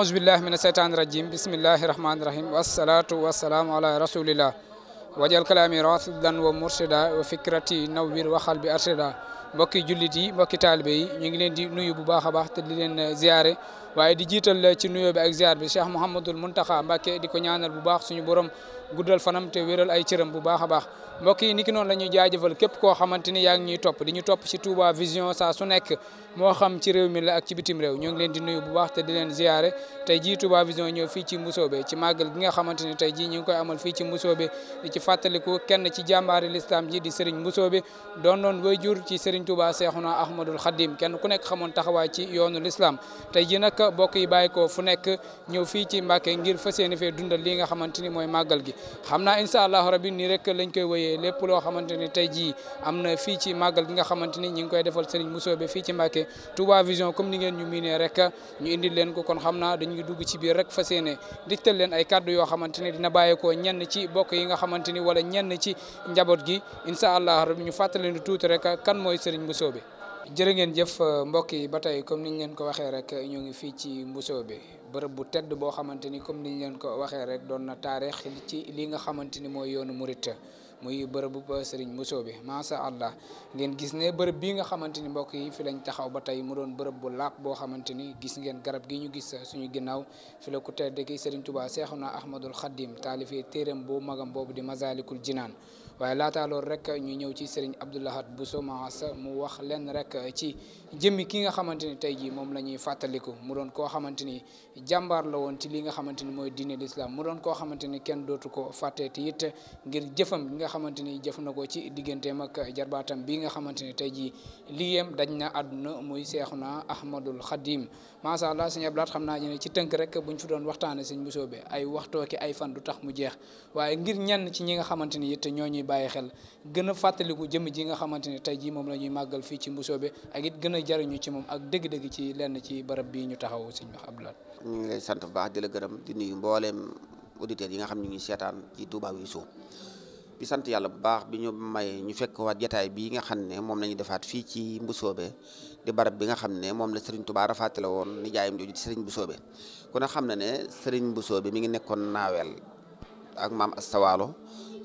aousubillahi min asheytani irajim bismillahi rahmani rahim wassalatu wassalaamu ala rasulillah wajal kalaami rasidan wa mursida wa fikrati nawwir waxal bi arshida mbokki jullit yi mbokki taalibe yi ñu ngi leen di nuyu bu baax a baax te di leen eh, ziare waaye di jiital eh, ci nuyoo bi ak ziar bi Cheikh Mouhamadul Muntaxa Mbàkke di ko ñaanal bu baax suñu borom guddal fanam te wéral ay cëram bu baax a baax mbokk yi ni ki noonu la ñuy jaajëfal képp koo xamante ni yaa ngi ñuy topp di ñu topp ci Touba Vision saa su nekk moo xam ci réew mi la ak ci bitim réew ñoo ngi leen di nuyu bu baax te di leen ziyaare te jii Touba Vision ñëw fii ci Mbusoobe ci màggal gi nga xamante ni tey jii ñu ngi koy amal fii ci Mbusoobe di ci fàttaliku kenn ci jàmbaari lislaam ji di Serigne Mbusoobe doon doon wayjur ci Serigne Touba Seexuna Ahmadul Xadim kenn ku nekk xamoon taxawaa ci yoonu lislaam tey ji nag mbokk yi bàyyi ko fu nekk ñëw fii ci Mbàkke ngir fas yéene fee dundal li nga xamante ni mooy màggal gi xam naa incha allahu rabi nii rek lañ koy woyee lépp loo xamante ne tey jii am na fii ci màggal gi nga xamante ni ñi ngi koy defal Serigne Moussobe fii ci Mbacke Touba Vision comme ni ngeen ñu miinee rek ñu indil leen ko kon xam naa dañuy dugg ci biir rek fas yéene diktal leen ay kaddu yoo xamante ne dina bàyyeekoo ñenn ci bokk yi nga xamante ni wala ñenn ci njaboot gi incha allah rabi ñu fàttali leen tuuti rek kan mooy Serigne Moussobe jërë ngeen jëf euh, mbokk yi ba tey comme niñ leen ko waxee rek ñu ngi fii ci Mbusoo bi bërëb bu tedd boo xamante ni comme niñ leen ko waxee rek doon na taarix ci li nga xamante ni mooy yoonu Murit muy bërëb bu sëriñ Mousso bi macha allah ngeen gis ne bërëb bii nga xamante ni mbokk yi fi lañ taxaw ba tey mu doon bërëb bu laab boo xamante ni gis ngeen garab gi ñu gis suñu ginnaaw fi la ku tedd ki sëriñ Tuubaa Seexuna Ahmadul Xadim taalifee téeram boo magam boobu di Masaalikul Jinaan waaye laataa loolu rek ñu ñëw ci sëriñ Abdou Lahad Bousso Maassa mu wax leen rek ci jëmmi ki nga xamante ni tey jii moom la ñuy fàttaliku mu doon koo xamante ni jàmbaar la woon ci li nga xamante ni mooy diine l'islam mu doon koo xamante ni kenn dootu ko fàtte te xamante ni jëf na ko ci digganteem ak jarbaatam bii nga xamante ni tey jii liggéeyam daj na àdduna muy Seexuna Ahmadul Xadim macha allah sëñ Ablaat xam naa ñu ne ci tënk rek buñ fi doon waxtaane sëñ Mbusoobe ay waxtoo ki ay fan du tax mu jeex waaye ngir ñenn ci ñi nga xamante ni it ñoo ñuy bàyyi xel gën a fàttaliku jëm ji nga xamante ni tey jii moom la ñuy màggal fii ci Mbusoobe ak it gën a jariñu ci moom ak dëgg-dëgg ci lenn ci barab bii ñu taxaw sëñ Ablaat ñu ngi lay sant baax di la gërëm di nuyu mbooleem auditeurs yi nga xam ñu ngi seetaan ci Touba Wisso di sant yàlla bu baax bi ñu may ñu fekk waat jataay bi nga xam ne moom la ñu defaat fii ci Mbusoobe di barab bi nga xam ne moom la Serigne Touba rafaatale woon nijaayam jooju di Serigne Mbusoobe ku ne xam na ne Serigne Mbusoobe mi ngi nekkoon naaweel ak maam Astawaalo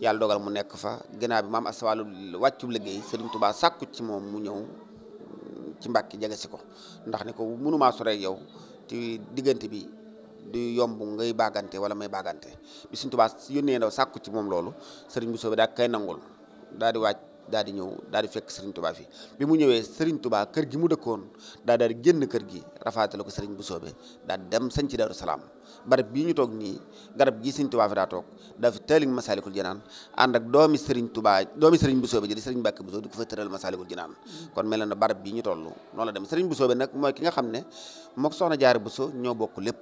yàlla dogal mu nekk fa ginnaaw bi maam Astawaalo wàccu liggéey Serigne tubaa sàkku ci moom mu ñëw ci Mbàkke jege si ko ndax ne ko mënumaa sore yow ci diggante bi. di yomb ngay baggante wala may bàggante bi Sëriñ Tuubaa yónnee ndaw sàkku ci moom loolu Sëriñ Bousso bi daa kay nangul daa di wàcc daa di ñëw daa di fekk Sëriñ Tuubaa fi bi mu ñëwee Sëriñ Tuubaa kër gi mu dëkkoon daa daal di kër gi rafaatale ko Sëriñ Bousso bi daa di dem sañ ci Daaru Salaam barab bii ñu toog nii garab gii Sëriñ Tuubaa fi daa toog daa fi tëëlig Masaalikul Jinaan ànd ak doomi Sëriñ Tuubaa doomi Sëriñ Bousso bi di Sëriñ Mbàkke Bousso di ko fa tëral Masaalikul Jinaan kon mel na barab bii ñu toll noonu la dem Sëriñ Bousso bi nag mooy ki nga xam ne mook soxna Jaara Bousso ñoo bokk lépp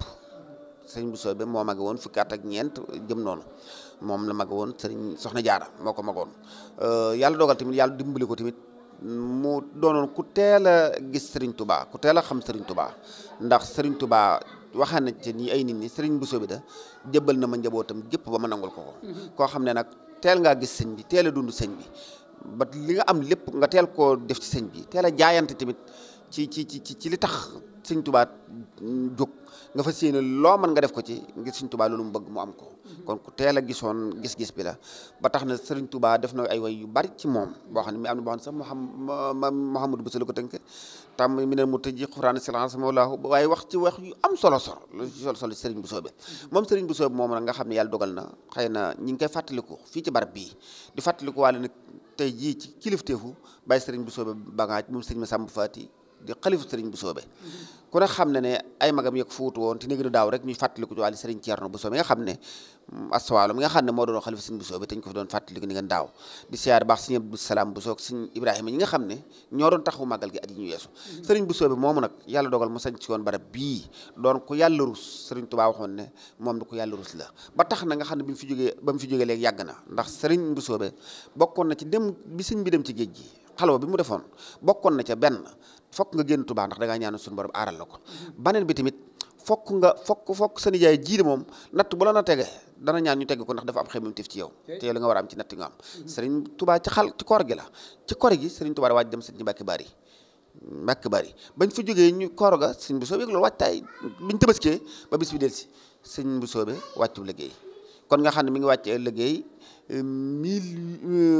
sëriñ bu soobe moo mage woon fukki ak ñeent jëm noonu moom la mage woon sëriñ soxna jaara moo ko magoon euh, yàlla dogal tamit yàlla dimbali ko tamit mu doonoon ku teel a gis sëriñ tubaa ku teel a xam sëriñ tubaa ndax sëriñ tubaa waxaan na ci nii ay nit ñi sëriñ bu bi da jëbal na ma njabootam gépp ba ma nangul ko ko mm-hmm. koo xam ne nag teel ngaa gis sëñ bi teel a dund sëñ bi ba li nga am lépp nga teel koo def ci sëñ bi teel a jaayante tamit ci ci ci ci li tax sëñ tubaat jóg nga fas yéene loo mën nga def ko ci ngir sëñ tubaa loolu mu bëgg mu am ko kon ku teel a gisoon gis-gis bi la ba tax na sëriñ tubaa def na ay way yu bari ci moom boo xam ne mi am na boo xam ne sax Muhammad Muhammadu Buso la ko tënk tam mi ne mu tëji xuraan silence mawlaahu waaye wax ci wax yu am solo sor solo solo sëriñ bu bi moom sëriñ Buso bi moom nag nga xam ne yàlla dogal na xëy na ñi ngi koy fàttaliku fii ci barab bii di fàttaliku wàlle nag tey jii ci kilifteefu bàyyi sëriñ Buso bi bagaaj moom sëriñ Masamba Faati di xalifu sëriñ bu ku ne xam ne ne ay magam yëg fuutu woon te néegi daaw rek ñu fàttaliku ci wàllu sëriñ Ceerno bu soobe nga xam ne mm, aswaalo xam ne moo doon xalifu sëriñ bu soobe te ñu ko fi doon fàttaliku ni ngeen daaw di xam ne ñoo doon taxawu màggal gi at yi ñu yeesu sëriñ bu soobe moomu nag yàlla dogal mu sañ ci woon barab bii doon ku yàlla rus sëriñ Tuubaa waxoon ne moom du ko yàlla rus la ba tax na nga xam ne bi mu fi jógee ba mu fi jógee léegi yàgg na ndax sëriñ bu soobe bokkoon na ci dem bi sëñ bi dem ci géej gi xalwa bi mu defoon bokkoon na ca benn fokk nga génn Tuubaa ndax da ngaa ñaanal suñu aaral la ko baneen bi tamit fokk nga fokk fokk sa nijaay jiide moom natt bu la na tege dana ñaan ñu tege ko ndax dafa am xeebam tif ci yow te yow la nga war a am ci natt nga am mhm. Sëriñ Tuubaa ci xal ci koor gi la ci koor gi Sëriñ Tuubaa waaj dem sëñ ci Mbàkke Bari Mbàkke Bari bañ fa jógee ñu koor ga sëñ bu soobee loolu waajtaay biñ tëbaskee ba bis bi del si sëñ bu soobee wàccu liggéey kon nga xam mi ngi wàcc liggéey euh, mille euh,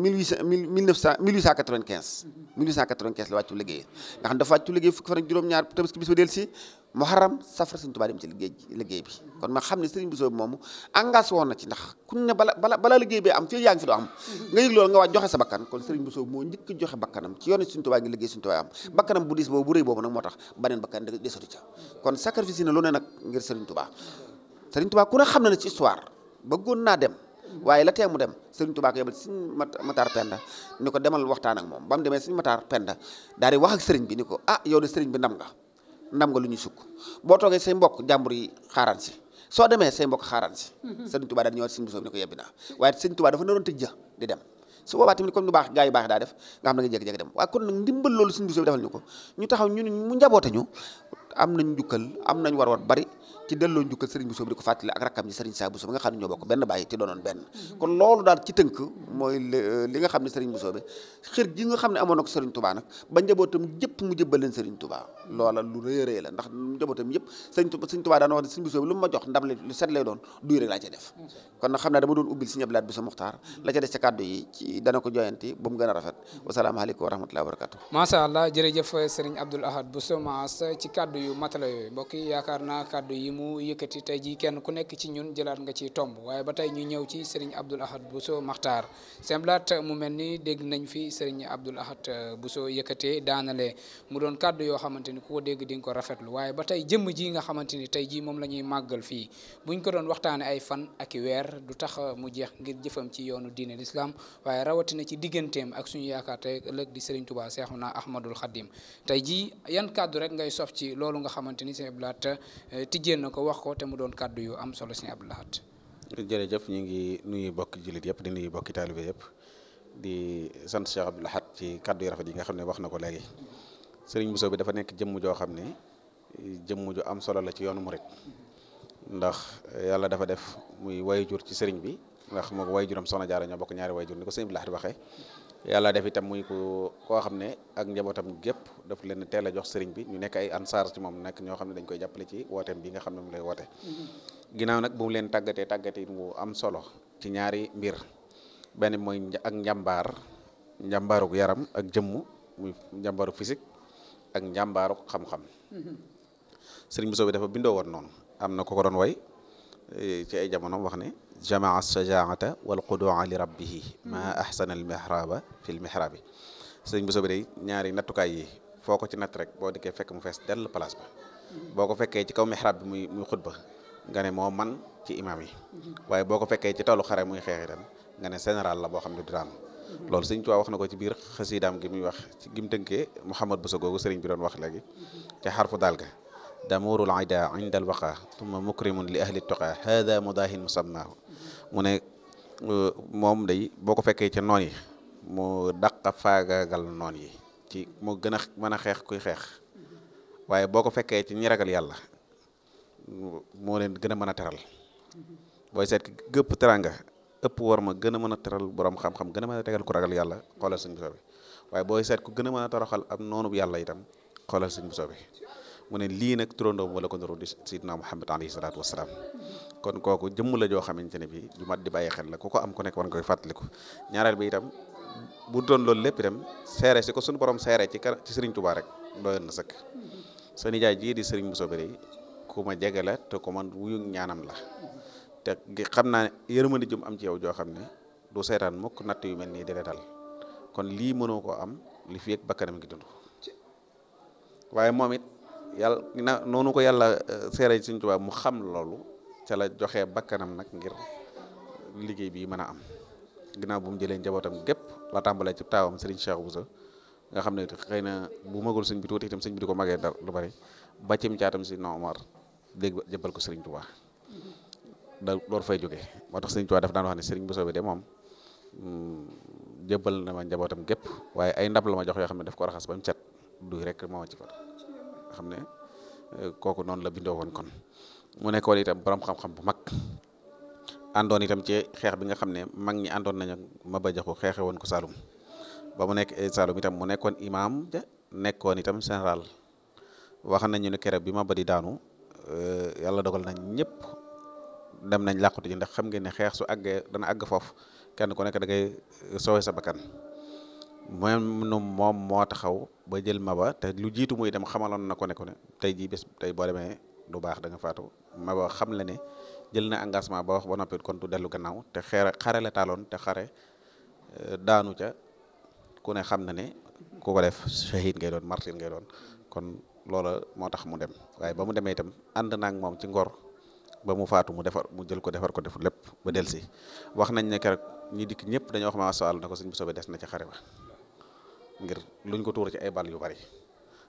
mille huit cent mille neuf cent mille huit cent quatre-vingt-quinze mille huit cent la wàccu liggéey nga xam dafa wàccu liggéey fukki fan juróom-ñaar tabaski bis ba del si muharram safar sëñ Tuubaa dem ci liggéey bi na ci am fii yaa ngi fi am nga yëg loolu nga waa joxe sa bakkan kon sëriñ Bousso moo njëkk joxe bakkanam ci yoonu sëñ Tuubaa ngi liggéey sëñ Tuubaa am bakkanam bu boobu bu rëy boobu nag moo tax baneen bakkan desatu ca kon sacrifice yi na lu ne nag ngir sëriñ Tuubaa sëriñ waaye la tee mu dem sëriñ Tuubaa ko yebal sëriñ Matar Penda ni ko demal waxtaan ak moom ba mu demee sëriñ Matar Penda daal di wax ak sëriñ bi ni ko ah yow de sëriñ bi ndam nga ndam nga lu ñuy sukk boo toogee say mbokk jàmbur yi xaaraan si soo demee say mbokk xaaraan si sëriñ Tuubaa daal ñëwaat sëriñ Bousso ni ko yebbi waaye sëriñ Tuubaa dafa naroon tëj ja di dem su boobaa tamit comme lu baax gaa yi baax daa def nga xam ne nga jékki-jékki dem waaye kon nag loolu sëriñ Bousso bi defal ñu ñu taxaw ñun ñu am nañ njukkal am nañ war war bari ci delloo njukkal sëriñ Bousso bi ko fàttali mm-hmm. ba njabootam yëpp mu jëbbal leen sëriñ Touba loola lu rëy a rëy la ndax njabootam yëpp sëriñ Touba sëriñ Touba daan sëriñ Bousso bi lu mu ma jox ndam lu sëriñ mm-hmm. Abdoulaye Bousso Muxtaar la ca a allah jërëjëf sëriñ Abdoul Ahad Bousso Maas ci kàddu kàddu yu matala yooyu mbokk yi yaakaar naa kàddu yi mu yëkkati tey jii kenn ku nekk ci ñun jëlaat nga ci tomb waaye ba tey ñu ñëw ci sëriñ Abdoul Ahad Bousso Makhtar semblaat mu mel ni dégg nañ fi sëriñ Abdoul Ahad euh, soo yëkkatee daanalee mu doon kàddu yoo xamante ni ku ko dégg di nga ko rafetlu waaye ba tey jëmm ji nga xamante ni tey jii moom la ñuy màggal fii buñ ko doon waxtaane ay fan ak i weer du tax mu jeex ngir jëfam ci yoonu diine l'islam waaye rawatina ci digganteem ak suñu yaakaar tey di sëriñ Touba Seexuna Ahmadul Xadim tey loolu nga xamante ni sëñ Abdou Lahat eh, tijjee na ko wax ko te mu doon kàddu yu am solo sëñ Abdou Lahat jërëjëf ñu ngi nuyu bokki jullit yëpp di nuyu bokki taalibe yëpp di sant Cheikh Abdou laxaat ci kàddu yu rafet yi nga xam ne wax na ko léegi sëriñ Bousso bi dafa nekk jëmm joo xam ne jëmm ju am solo la ci yoonu mu murit ndax eh, yàlla dafa def muy wayjur ci sëriñ bi ndax moom wayjuram soxna jaara ñoo bokk ñaari wayjur ni ko sëñ Abdou Lahat waxee yàlla def itam muy ko koo xam ne ak njabootam gépp daf leen teel a jox sëriñ bi ñu nekk ay ansaar ci moom nekk ñoo xam ne dañ koy jàppale ci wooteem bi nga xam ne mu lay woote mm-hmm. ginnaaw nag bu mu leen tàggatee tàggatee mu am solo ci ñaari mbir benn mooy ak njàmbaar njàmbaaruk yaram ak jëmmu muy njàmbaaru physique ak njàmbaaruk xam-xam mm-hmm. sëriñ Bousso bi dafa bindoo woon noonu am na ko ko doon way eh, ci ay jamono wax ne jamaa sajaata wal qudua li rabbihi ma ahsana al mihraba fi l mihrabi sëriñ bu soobee day ñaari nattukaay yi foo ko ci natt rek boo dikkee fekk mu fees dell place ba boo ko fekkee ci kaw mihrab bi muy muy xutba nga ne moo man ci imaam yi waaye boo ko fekkee ci tollu xare muy xeex itam nga ne général la boo xam ne du daan loolu sëñ Tuubaa wax na ko ci biir xasiidaam gi muy wax ci gim tënkee Mouhamad Bousso googu sëriñ bi doon wax léegi ca xarfu daal ga damuurul ida inda alwaqa tumma mukrimun li ahli tuqa hada mudaahin musammaahu mu ne euh, moom day boo ko fekkee ca noon yi mu a faagaagal noon yi ci mu gën a mën a xeex kuy xeex waaye boo ko fekkee ci ñi ragal yàlla moo leen gën a mën a teral booy seet ki gëpp teranga ëpp war ma gën a mën a teral borom xam-xam gën a mën a tegal ku ragal yàlla xoolal sëñ bi waaye booy seet ku gën a mën a toroxal am noonu yàlla itam xoolal sëñ bi mu ne lii nag turandoom wala ko nuru di sidna Muhammad alayhi salaatu wasalaam kon kooku jëmm la joo xamante ne bi ju mat di bàyyi xel la ku ko am ku nekk war koy fàttaliku ñaareel bi itam bu doon loolu lépp itam seere si ko suñu borom seere ci ci Serigne Touba rek doyoon na sëkk sa nijaay jii di Serigne Moussa Bari ku ma jege la te ku man ñaanam la te xam naa yërmande jum am ci yaw joo xam ne du seetaan mukk natt yu mel nii dina dal kon lii mënoo koo am li fi yëg bakkanam ngi dund waaye moom yàlla na noonu ko yàlla eh, seere Sëriñ Tuubaa mu xam loolu cala joxe bakkanam nag ngir liggéey bi mën a am ginaaw bu mu jëlee njabootam gépp la tàmbalee ci taawam Serigne Cheikh Bousso nga xam ne xëy na bu magul sëñ bi tuuti itam sëñ bi ko magee dara lu bari ba cim caatam si no Omar dégg jëbbal ko Serigne Touba da door fay jógee moo tax Serigne Touba def daan wax ne Serigne Bousso bi de moom mm, jëbbal na ma njabootam gépp waaye ay ndab la ma jox xam ne daf ko raxas ba mu duy rek moo ci fa. xam ne euh, kooku noonu la bindoo woon kon mu nekkoon itam borom xam-xam bu mag àndoon itam ci xeex bi nga xam ne mag ñi àndoon nañu ma Maba Jaxu xeexe woon ko Saalum ba mu nekk eh, Saalum itam mu nekkoon imaam ja nekkoon itam général wax nañu ne kere bi ma badi daanu euh, yàlla dogal nañ ñëpp dem nañ làqutu ji ndax xam ngeen ne xeex su àggee dana àgg foofu kenn ku nekk da ngay euh, soowe sa bakkan moom moom moo taxaw ba jël maba te lu jiitu muy dem xamaloon na ko ne ko ne tey jii bés tey boo demee du baax da nga faatu maba xam la ne jël na engagement ba wax ba noppi kon du dellu gannaaw te xeer xare la taaloon te xare euh, daanu ca ku ne xam ne ne ku ko def shahid ngay doon martir ngay doon kon loola moo tax mu dem waaye ba mu demee itam ànd naag moom ci ngor ba mu faatu mu defar mu jël ko defar ko def lépp ba delsi wax nañ ne keroog ñi dikk ñëpp dañoo wax ma wasaal na ko sëñ bu des na ci xare ba ngir luñ ko tuur ci ay ball yu bari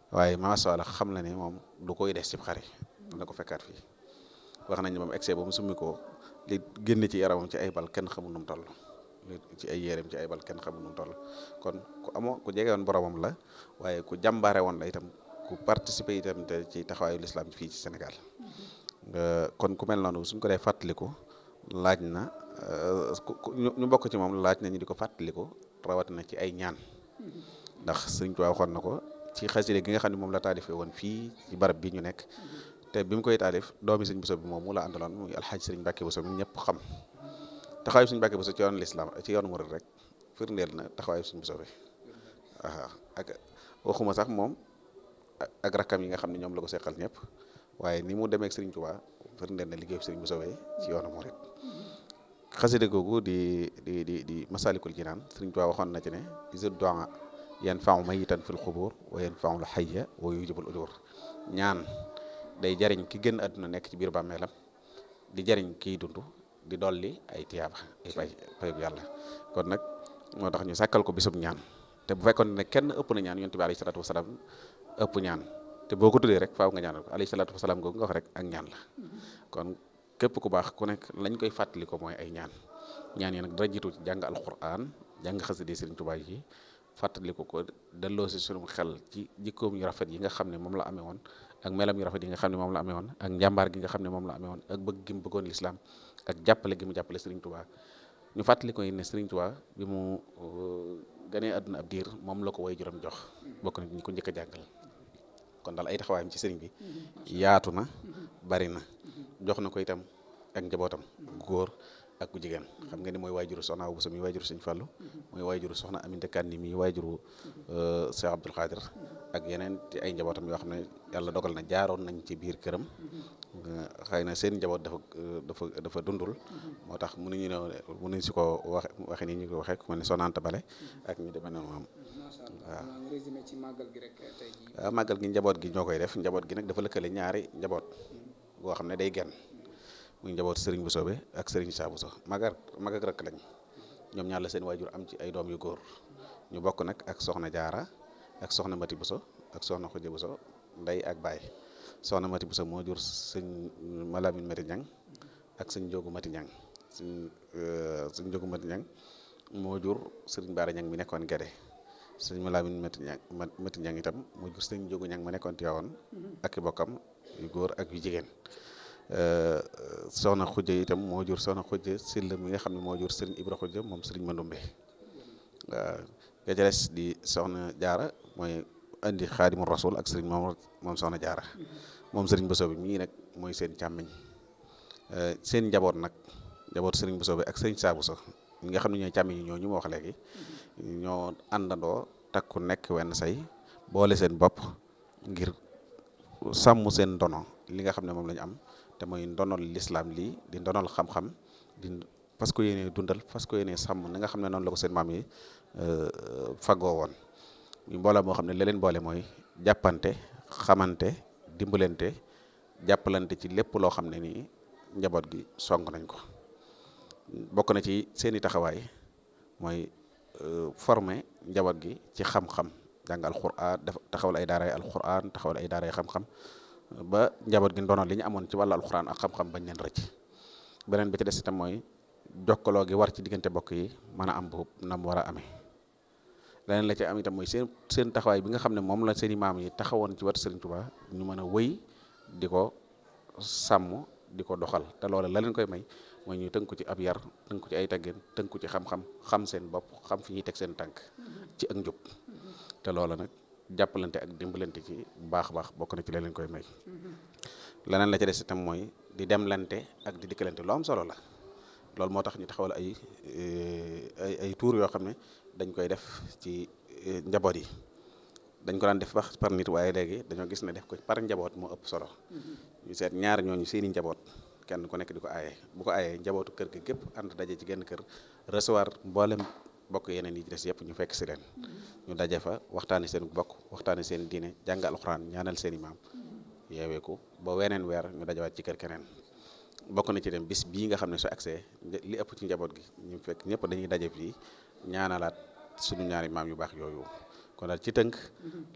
waaye macha allah xam na ne moom du koy des ci xari na ko fekkaat fi wax nañ ne moom excès ba mu summi ko li génn ci yaramam ci ay bal kenn xamul nu mu toll ci ay yéreem ci ay bal kenn nu mu toll kon ku amoo ku jege woon boromam la waaye ku jàmbaare woon la itam ku participer itam te ci taxawaayu lislaam fii ci Sénégal kon ku mel noonu suñ ko dee fàttaliku laaj na euh, ñu bokk ci moom laaj na ñu di ko fàttaliku rawatina ci ay ñaan. ndax sëñ Tuubaa waxoon na ko ci xaside gi nga xam ne moom la taalifee woon fii ci barab bi ñu nekk mm-hmm. te bi mu koy taalif doomi sëñ Bousso bi moom mu la àndaloon muy alxaaj sëriñ Mbàkke Bousso mi ñëpp xam taxawaayu sëñ Mbàkke Bousso ci yoonu lislaam ci yoonu murid rek firndeel na taxawaayu sëñ Bousso bi waaw ak waxuma sax moom ak yi nga xam ne ñoom la ko seqal ñëpp waaye ni mu demee ak sëriñ Tuubaa na liggéeyu sëriñ Bousso bi ci yoonu murid mm-hmm. xaside googu di di di di Masaalikul naan sëriñ Tuubaa waxoon na ci ne di yenn yanfau mayitan fil xubur wa yanfaul xayya wa yujibul ujur ñaan day jariñ ki gën àdduna nekk ci biir bàmmeelam di jariñ kiy dund di dolli ay tiyaaba ay pay pay yàlla kon nag moo tax ñu sàkkal ko bisub ñaan te bu fekkoon ne kenn ëpp na ñaan yonent bi alayhi salaatu wasalaam ëpp ñaan te boo ko tuddee rek faaw nga ñaanal ko alayhi salaatu wasalaam googu nga wax rek ak ñaan la kon képp ku baax ku nekk lañ koy fàttali ko mooy ay ñaan ñaan yi nag dara jiitu ci jàng alquran jàng xasida Sëriñ Tuubaa yi fàttaliku ko delloo si suñu xel ci jikkoom yu rafet yi nga xam ne moom la amee woon ak melam yu rafet yi nga xam ne moom la amee woon ak njàmbaar gi nga xam ne moom la amee woon ak bëgg gi mu bëggoon lislaam ak jàppale gi mu jàppale Serigne Touba ñu fàttali ko ne Serigne Touba bi mu uh, ganee àdduna ab diir moom la ko way juróom jox bokk na ñu ko njëkk a jàngal kon daal ay taxawaayam ci sëriñ bi mm-hmm. yaatu na bari na jox na ko itam ak njabootam góor ak ku xam nga ni mooy waajuru soxna Awa Bousso mi waajuru Sëñ Fallu mooy waajuru soxna Aminta Kanni mi waajuru euh, Cheikh Abdoul Khadir ak yeneen ci ay njabootam yoo xam ne yàlla dogal na jaaroon nañ ci biir këram euh, xëy na seen njaboot dafa dafa dafa dundul moo tax mënuñu ne mënuñ si ko wax waxe ni ñu ko waxee ku mel ne soxna Anta Bale ak ñu demee noonu moom waaw ah, gi njaboot gi ñoo koy def njaboot gi nag dafa lëkkale ñaari njaboot boo xam ne day genn muy njaboot sëriñ bu Sobe ak Serigne Saa bu so mag ak rakk lañ ñoom ñaar la seen waajur am ci ay doom yu góor ñu bokk nag ak soxna jaara ak soxna mati bu so ak soxna xuja bu so ndey ak baay soxna mati bu so moo jur sëñ malamin mati ñang ak sëñ jogu mati ñang sëñ euh, sëñ jogu mati ñang moo jur sëriñ baara ñang mi nekkoon gede sëñ malamin mati ñang mati ñang itam moo jur sëñ jogu ñang ma nekkoon tiwawoon ak i bokkam yu góor ak yu jigéen Euh, soxna xujje itam moo jur soxna xujje Sylla mi nga xam ne moo jur sëriñ Ibra xujje moom sëriñ Mandumbe waaw nga di soxna jaara mooy indi xaadimu rasul ak sëriñ moom moom soxna jaara moom sëriñ Bousso bi mii nag mooy seen càmmiñ euh, seen njaboot nag njaboot sëriñ Bousso bi ak sëriñ saabu so ñi nga xam ne ñooy càmmiñ ñoo ñu ma wax léegi ñoo àndandoo takku nekk wenn say boole seen bopp ngir sàmm seen ndono li nga xam ne moom lañu am te mooy ndonol lislaam lii di ndonol xam-xam di fas ko yéenee dundal fas ko yéenee sàmm ni nga xam ne noonu la ko seen maam yi euh, fago woon muy mbooloo moo xam ne la leen boole mooy jàppante xamante dimbalante jàppalante ci lépp loo xam ne nii njaboot gi song nañ ko bokk na ci seeni taxawaay mooy euh, former njaboot gi ci xam-xam jàng alquran def taxawal ay daaray alquran taxawal ay daaray xam-xam ba njaboot gi ndono li ñu amoon ci wàllu alxuraan xam-xam bañ leen rëcc beneen bi ci des itam mooy jokkaloo gi war ci diggante bokk yi mën a am bu nam mu war a amee leneen la ci am itam mooy seen seen taxawaay bi nga xam ne moom la seen i maam yi taxawoon ci wetu Serigne Touba ñu mën a wëy di ko sàmm di ko doxal te loola la koy may mooy ñu tënku ci ab yar tënku ci ay tëng tënku ci xam-xam xam seen bopp xam fi ñuy teg seen tànk ci ak njub te loola nag jàppalante ak dimbalante ci baax baax bokk na ci la leen koy may leneen la ca des tam mooy di demlante ak di dikkalante lu am solo la loolu moo tax ñu taxawal ay eh, ay ay tuur yoo xam ne dañ koy def ci eh, njaboot yi dañ ko daan def bax par nit waaye léegi dañoo gis ne def ko par njaboot moo ëpp solo ñu seet ñaar ñooñu seeni njaboot kenn ku nekk di ko aaye bu ko aayee njabootu kër gi gépp ànd daje ci genn kër recevoir mboolem bokk yeneen yi ci des yëpp ñu fekk si leen ñu daje fa waxtaane seen bokk waxtaane seen diine jàng alxuraan ñaanal seen imaam yeeweeku ba weneen weer ñu dajawaat ci kër keneen bokk na ci dem bis bii nga xam ne su accès li ëpp ci njaboot gi ñu fekk ñëpp dañuy daje fii ñaanalaat suñu ñaari maam yu baax yooyu kon daal ci tënk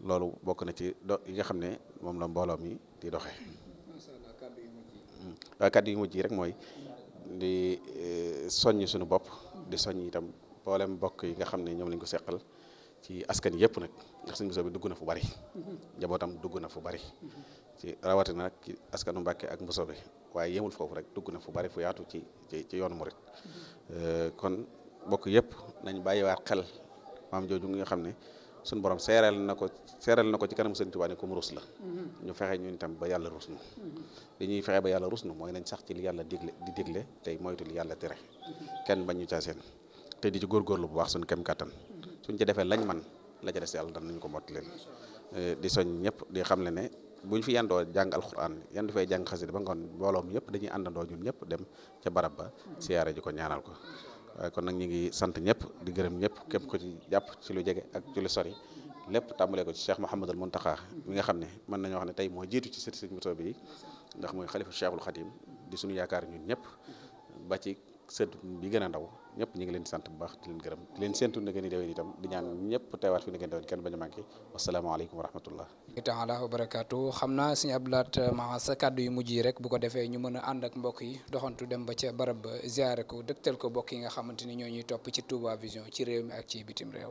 loolu bokk na ci do yi nga xam ne moom la mbooloo mi di doxe waaw kàddu yu mujj yi rek mooy di eh, soññ suñu bopp di soññ itam mboolem mbokk yi nga xam ne ñoom lañ ko seqal ci askan yëpp nag ndax bi dugg na fu bari njabootam dugg na fu bari ci rawatina nag askanu Mbàkke ak Bousso bi waaye yemul foofu rek dugg na fu bari fu yaatu ci ci ci yoonu murit euh, kon mbokk yëpp nañ bàyyiwaat xel maam jooju nga xam ne suñu borom seereel na ko seereel na ko ci kanam sëñ Tuubaa ne ko mu rus la mm-hmm. ñu fexe ñun tam ba yàlla rus nu mm-hmm. li ñuy fexe ba yàlla rus nu mooy nañ sax ci li yàlla digle di digle tey moytu li yàlla tere mm-hmm. kenn bañ ñu caa seen te di ci góorgóorlu bu baax sunu kem kattan suñ ci defee lañ man la ca des yàlla danañ ko mott leen eh, di soñ ñëpp di xam ne ne buñ fi yandoo jàng alxuraan yandu fay jàng xasida ba ngoon mbooloo mi yëpp dañuy àndandoo ñun ñëpp dem ca barab ba siyaare ji ko ñaanal ko eh, kon nag ñu ngi sant ñëpp di gërëm ñëpp képp ko ci jàpp ci lu jege ak ci lu sori lépp tàmbalee ko ci Cheikh Mouhamadul Mountakha mi nga xam ne mën nañoo wax ne tey moo jiitu ci sët sëñ moto bi ndax mooy xalifa Cheikhul Khadim di suñu yaakaar ñun ñëpp ba ci sët bi gën a ndaw ñépp ñu ngi leen sant bu baax di leen gërëm di leen séntu na gën a déwén itam di ñaan ñëpp teewaat fi na gën a déwén kenn bañ a manqué wasalaamaaleykum wa xam naa suñu abdulaat euh, ma sa kàddu yu mujj yi rek bu ko defee ñu mën a ànd ak mbokk yi doxantu dem ba ca barab ba ziare ko dëgtal ko mbokk yi nga xamante ni ñoo ñuy topp ci Touba Vision ci réew mi ak ci bitim réew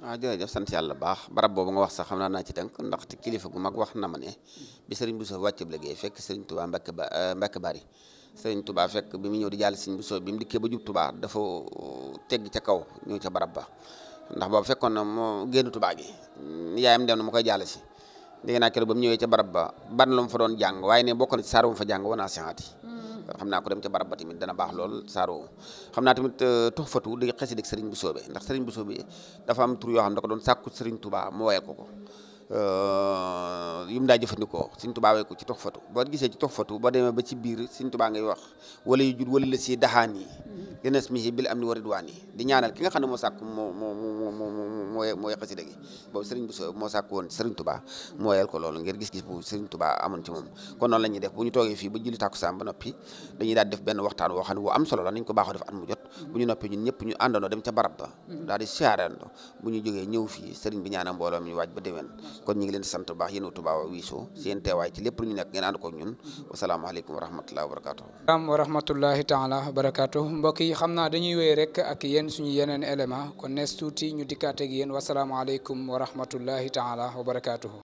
waaw ah, jërëjëf sant yàlla baax barab boobu nga wax sax xam naa naa ci tënk ndaxte kilifa gu mag wax nama ne bi sëriñ bu sa wàccub liggéey fekk sëriñ Touba Mbacke euh, Bari sëriñ Touba fekk bi mu ñëw di jàll bu Bousso bi mu dikkee ba jub Touba dafa tegg ca kaw ñëw ca barab ba ndax boobu fekkoon na moo génn Touba gi yaayam dem na mu koy jàll si dégg naa keroog ba mu ñëwee ca barab ba ban la mu fa doon jàng waaye ne bokk na saar mu fa jàng wanaa sixaati kon mm. xam naa ko dem ca barab ba tamit dana baax lool saaroo xam naa tamit euh, toxfatu di xesi dik sëriñ Bousso bi ndax sëriñ Bousso bi dafa am tur yoo xam ne da doon sàkku sëriñ Touba mu woyal ko ko Euh, yi mu daa jëfandikoo Sëñ Tuubaa wee ko ci toxfatu boo gisee ci toxfatu boo demee ba ci biir Sëñ Tuubaa ngay wax wala yu jud wala la si daxaan yi lenas mm-hmm. mihi bil am ni waridwaan yi di ñaanal ki nga xam ne moo sàkk moo moo moo mooy mooy xasida gi boobu sëriñ Bousso moo sàkk woon sëriñ Touba moo yel ko loolu ngir gis-gis bu sëriñ Touba amoon ci moom kon noonu la ñu toogee fii wa rahmatullahi wa barakatuh am wa rahmatullahi taala wa barakatuh mbokk yi xam naa dañuy wéy rek ak yéen suñu yéen wasalaamualeykum wa rahmatullahi taala wa barakaatuhu.